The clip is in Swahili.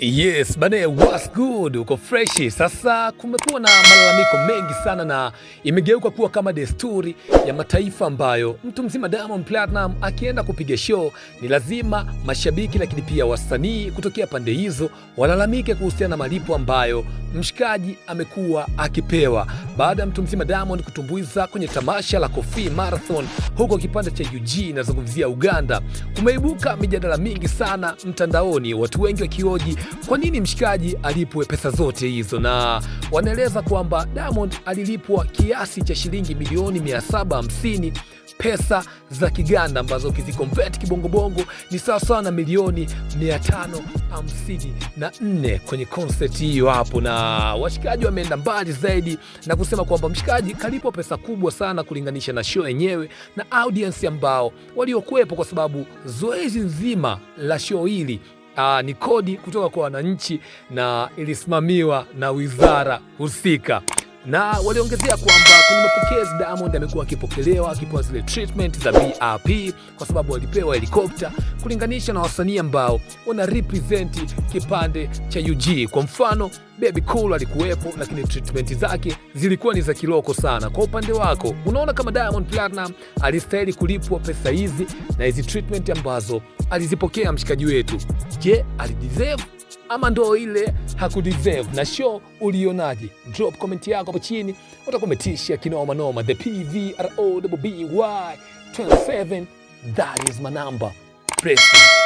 Yes bane, what's good, uko freshi. Sasa kumekuwa na malalamiko mengi sana na imegeuka kuwa kama desturi ya mataifa ambayo mtu mzima Diamond Platinum akienda kupiga show ni lazima mashabiki, lakini pia wasanii kutokea pande hizo walalamike kuhusiana na malipo ambayo mshikaji amekuwa akipewa baada ya mtu mzima Diamond kutumbuiza kwenye tamasha la Kofi Marathon huko kipande cha ug inazungumzia Uganda. Kumeibuka mijadala mingi sana mtandaoni, watu wengi wakioji kwa nini mshikaji alipwe pesa zote hizo, na wanaeleza kwamba Diamond alilipwa kiasi cha shilingi milioni 750 pesa za Kiganda ambazo ukizikonvert kibongobongo ni sawa sawa na milioni 554 kwenye konseti hiyo hapo na washikaji wameenda mbali zaidi na kusema kwamba mshikaji kalipo pesa kubwa sana kulinganisha na show yenyewe na audience ambao waliokuwepo, kwa sababu zoezi nzima la show hili Aa, ah, ni kodi kutoka kwa wananchi na ilisimamiwa na wizara husika na waliongezea kwamba kwenye mapokezi Diamond amekuwa akipokelewa akipewa zile treatment za BRP kwa sababu alipewa helikopta kulinganisha na wasanii ambao wana represent kipande cha UG. Kwa mfano Baby Cool alikuwepo, lakini treatment zake zilikuwa ni za kiloko sana. Kwa upande wako, unaona kama Diamond Platinum alistahili kulipwa pesa hizi na hizi treatment ambazo alizipokea mshikaji wetu? Je, alideserve ama ndo ile hakudeserve na show? Ulionaje? Drop comment yako hapo chini, utakometisha kinoma noma. The PVROBBY 27 that is my number. Press